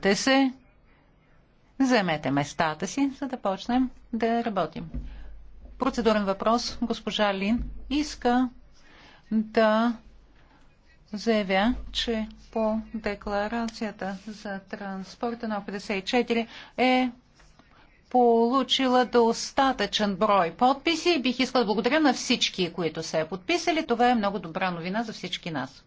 Те се. Вземете местата си, за да почнем да работим. Процедурен въпрос. Госпожа Лин иска да заявя, че по декларацията за транспорта на 54 е получила достатъчен брой подписи. Бих искала да благодаря на всички, които се е подписали. Това е много добра новина за всички нас.